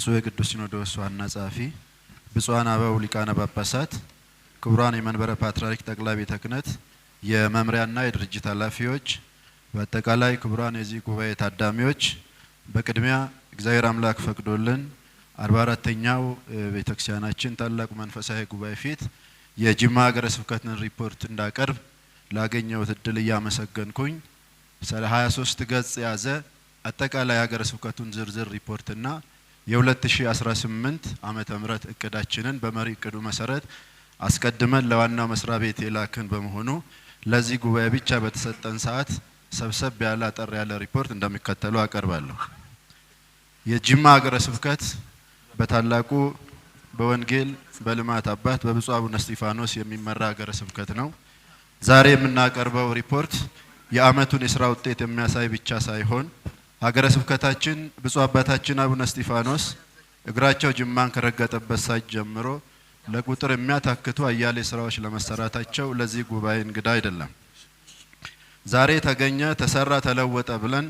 ብፁዕ የቅዱስ ሲኖዶስ ዋና ጸሐፊ፣ ብፁዓን አበው ሊቃነ ጳጳሳት፣ ክቡራን የመንበረ ፓትርያርክ ጠቅላይ ቤተ ክህነት የመምሪያና የድርጅት ኃላፊዎች፣ በአጠቃላይ ክቡራን የዚህ ጉባኤ ታዳሚዎች፣ በቅድሚያ እግዚአብሔር አምላክ ፈቅዶልን አርባ አራተኛው ቤተክርስቲያናችን ታላቁ መንፈሳዊ ጉባኤ ፊት የጅማ ሀገረ ስብከትን ሪፖርት እንዳቀርብ ላገኘሁት እድል እያመሰገንኩኝ ሀያ ሶስት ገጽ የያዘ አጠቃላይ ሀገረ ስብከቱን ዝርዝር ሪፖርትና የ2018 ዓመተ ምህረት እቅዳችንን በመሪ እቅዱ መሰረት አስቀድመን ለዋናው መስሪያ ቤት የላክን በመሆኑ ለዚህ ጉባኤ ብቻ በተሰጠን ሰዓት ሰብሰብ ያለ አጠር ያለ ሪፖርት እንደሚከተለው አቀርባለሁ። የጅማ ሀገረ ስብከት በታላቁ በወንጌል በልማት አባት በብፁዕ አቡነ እስጢፋኖስ የሚመራ ሀገረ ስብከት ነው። ዛሬ የምናቀርበው ሪፖርት የአመቱን የስራ ውጤት የሚያሳይ ብቻ ሳይሆን ሀገረ ስብከታችን ብፁዕ አባታችን አቡነ እስጢፋኖስ እግራቸው ጅማን ከረገጠበት ሳት ጀምሮ ለቁጥር የሚያታክቱ አያሌ ስራዎች ለመሰራታቸው ለዚህ ጉባኤ እንግዳ አይደለም። ዛሬ ተገኘ፣ ተሰራ፣ ተለወጠ ብለን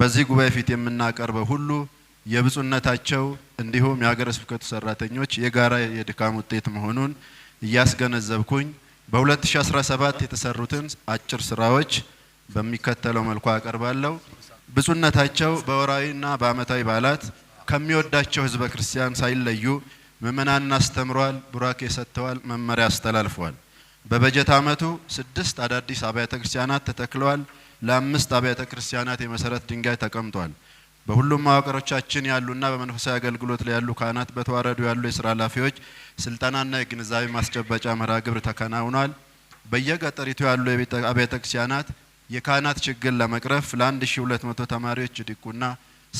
በዚህ ጉባኤ ፊት የምናቀርበው ሁሉ የብፁዕነታቸው እንዲሁም የሀገረ ስብከቱ ሰራተኞች የጋራ የድካም ውጤት መሆኑን እያስገነዘብኩኝ በ2017 የተሰሩትን አጭር ስራዎች በሚከተለው መልኩ አቀርባለሁ። ብፁዕነታቸው በወራዊና በዓመታዊ በዓላት ከሚወዳቸው ህዝበ ክርስቲያን ሳይለዩ ምዕመናንን አስተምረዋል፣ ቡራኬ ሰጥተዋል፣ መመሪያ አስተላልፈዋል። በበጀት ዓመቱ ስድስት አዳዲስ አብያተ ክርስቲያናት ተተክለዋል። ለአምስት አብያተ ክርስቲያናት የመሰረት ድንጋይ ተቀምጧል። በሁሉም መዋቅሮቻችን ያሉና በመንፈሳዊ አገልግሎት ላይ ያሉ ካህናት፣ በተዋረዱ ያሉ የስራ ኃላፊዎች ስልጠናና የግንዛቤ ማስጨበጫ መርሃ ግብር ተከናውኗል። በየገጠሪቱ ያሉ አብያተ ክርስቲያናት የካህናት ችግር ለመቅረፍ ለ1200 ተማሪዎች ዲቁና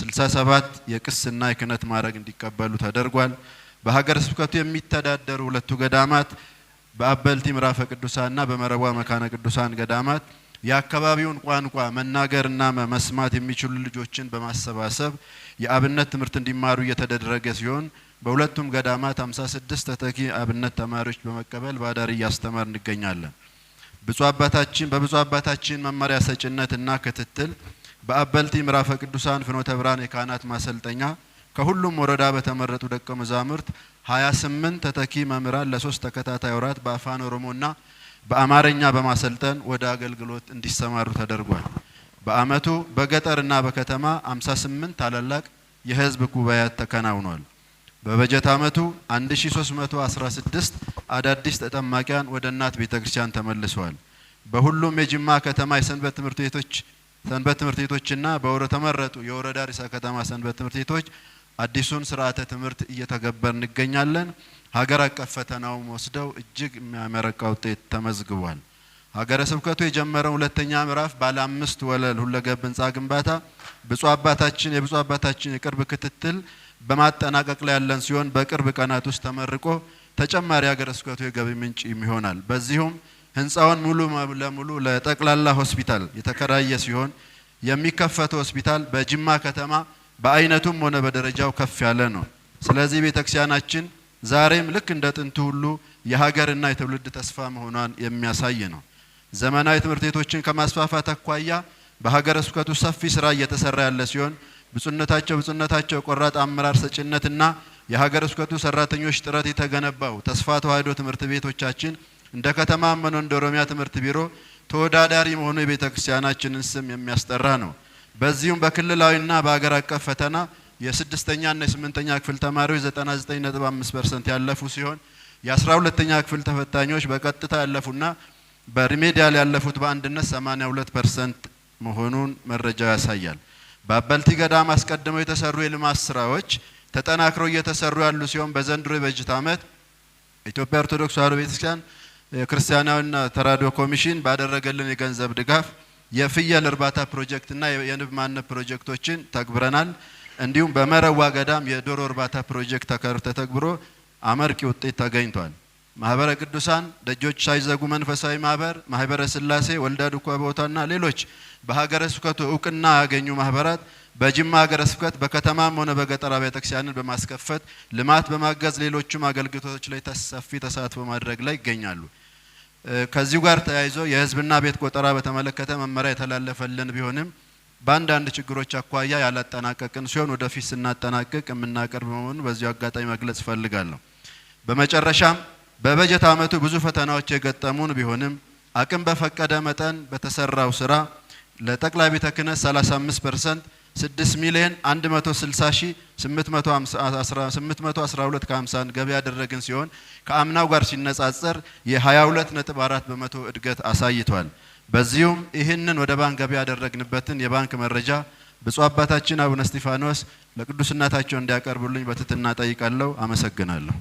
67 የቅስና የክህነት ማዕረግ እንዲቀበሉ ተደርጓል። በሀገረ ስብከቱ የሚተዳደሩ ሁለቱ ገዳማት በአበልቲ ምዕራፈ ቅዱሳንና በመረቧ መካነ ቅዱሳን ገዳማት የአካባቢውን ቋንቋ መናገርና መስማት የሚችሉ ልጆችን በማሰባሰብ የአብነት ትምህርት እንዲማሩ እየተደረገ ሲሆን በሁለቱም ገዳማት 56 ተተኪ አብነት ተማሪዎች በመቀበል ባዳር እያስተማር እንገኛለን። ብፁዕ አባታችን በብፁዕ አባታችን መመሪያ ሰጭነትና ክትትል በአበልቲ ምዕራፈ ቅዱሳን ፍኖተ ብርሃን የካህናት ማሰልጠኛ ከሁሉም ወረዳ በተመረጡ ደቀ መዛሙርት 28 ተተኪ መምህራን ለሶስት ተከታታይ ወራት በአፋን ኦሮሞና በአማርኛ በማሰልጠን ወደ አገልግሎት እንዲሰማሩ ተደርጓል። በአመቱ በገጠርና በከተማ 58 ታላላቅ የህዝብ ጉባኤያት ተከናውኗል። በበጀት ዓመቱ 1316 አዳዲስ ተጠማቂያን ወደ እናት ቤተክርስቲያን ተመልሰዋል። በሁሉም የጅማ ከተማ የሰንበት ትምህርት ቤቶች ሰንበት ትምህርት ቤቶችና በተመረጡ የወረዳ ርዕሰ ከተማ ሰንበት ትምህርት ቤቶች አዲሱን ስርዓተ ትምህርት እየተገበር እንገኛለን። ሀገር አቀፍ ፈተናውም ወስደው እጅግ የሚያመረቃ ውጤት ተመዝግቧል። ሀገረ ስብከቱ የጀመረው ሁለተኛ ምዕራፍ ባለ አምስት ወለል ሁለገብ ህንፃ ግንባታ ብፁዕ አባታችን የብፁዕ አባታችን የቅርብ ክትትል በማጠናቀቅ ላይ ያለን ሲሆን በቅርብ ቀናት ውስጥ ተመርቆ ተጨማሪ ሀገረ ስብከቱ የገቢ ምንጭ ይሆናል። በዚሁም ህንፃውን ሙሉ ለሙሉ ለጠቅላላ ሆስፒታል የተከራየ ሲሆን የሚከፈተው ሆስፒታል በጅማ ከተማ በአይነቱም ሆነ በደረጃው ከፍ ያለ ነው። ስለዚህ ቤተክርስቲያናችን ዛሬም ልክ እንደ ጥንቱ ሁሉ የሀገርና የትውልድ ተስፋ መሆኗን የሚያሳይ ነው። ዘመናዊ ትምህርት ቤቶችን ከማስፋፋት አኳያ በሀገረ ስብከቱ ሰፊ ስራ እየተሰራ ያለ ሲሆን ብፁዕነታቸው ብፁዕነታቸው ቆራጥ አመራር ሰጭነትና የሀገረ ስብከቱ ሰራተኞች ጥረት የተገነባው ተስፋ ተዋሕዶ ትምህርት ቤቶቻችን እንደ ከተማ አመኖ እንደ ኦሮሚያ ትምህርት ቢሮ ተወዳዳሪ መሆኑ የቤተ ክርስቲያናችንን ስም የሚያስጠራ ነው። በዚሁም በክልላዊና በሀገር አቀፍ ፈተና እና የስምንተኛ ክፍል ተማሪዎች 99.5 ፐርሰንት ያለፉ ሲሆን የአስራ ሁለተኛ ክፍል ተፈታኞች በቀጥታ ያለፉና በሪሜዲያል ያለፉት በአንድነት ሁለት ፐርሰንት መሆኑን መረጃው ያሳያል። በአበልቲ ገዳም አስቀድመው የተሰሩ የልማት ስራዎች ተጠናክረው እየተሰሩ ያሉ ሲሆን በዘንድሮ የበጀት ዓመት ኢትዮጵያ ኦርቶዶክስ ተዋሕዶ ቤተክርስቲያን ክርስቲያናዊና ተራድኦ ኮሚሽን ባደረገልን የገንዘብ ድጋፍ የፍየል እርባታ ፕሮጀክትና የንብ ማነብ ፕሮጀክቶችን ተግብረናል። እንዲሁም በመረዋ ገዳም የዶሮ እርባታ ፕሮጀክት ተተግብሮ አመርቂ ውጤት ተገኝቷል። ማህበረ ቅዱሳን፣ ደጆች ሳይዘጉ መንፈሳዊ ማህበር፣ ማህበረ ስላሴ፣ ወልዳ ዱኳ ቦታና ሌሎች በሀገረ ስብከቱ እውቅና ያገኙ ማህበራት በጅማ ሀገረ ስብከት በከተማም ሆነ በገጠር አብያተ ክርስቲያንን በማስከፈት ልማት በማገዝ ሌሎችም አገልግሎቶች ላይ ሰፊ ተሳትፎ ማድረግ ላይ ይገኛሉ። ከዚሁ ጋር ተያይዞ የህዝብና ቤት ቆጠራ በተመለከተ መመሪያ የተላለፈልን ቢሆንም በአንዳንድ ችግሮች አኳያ ያላጠናቀቅን ሲሆን ወደፊት ስናጠናቅቅ የምናቀርብ መሆኑን በዚሁ አጋጣሚ መግለጽ እፈልጋለሁ። በመጨረሻም በበጀት ዓመቱ ብዙ ፈተናዎች የገጠሙን ቢሆንም አቅም በፈቀደ መጠን በተሰራው ስራ ለጠቅላይ ቤተ ክህነት 35 ፐርሰንት 6 ሚሊዮን 160 ሺ 812 ከ50 ገቢ ያደረግን ሲሆን ከአምናው ጋር ሲነጻጸር የ22.4 በመቶ እድገት አሳይቷል። በዚሁም ይህንን ወደ ባንክ ገቢ ያደረግንበትን የባንክ መረጃ ብፁዕ አባታችን አቡነ እስጢፋኖስ ለቅዱስናታቸው እንዲያቀርቡልኝ በትህትና ጠይቃለሁ። አመሰግናለሁ።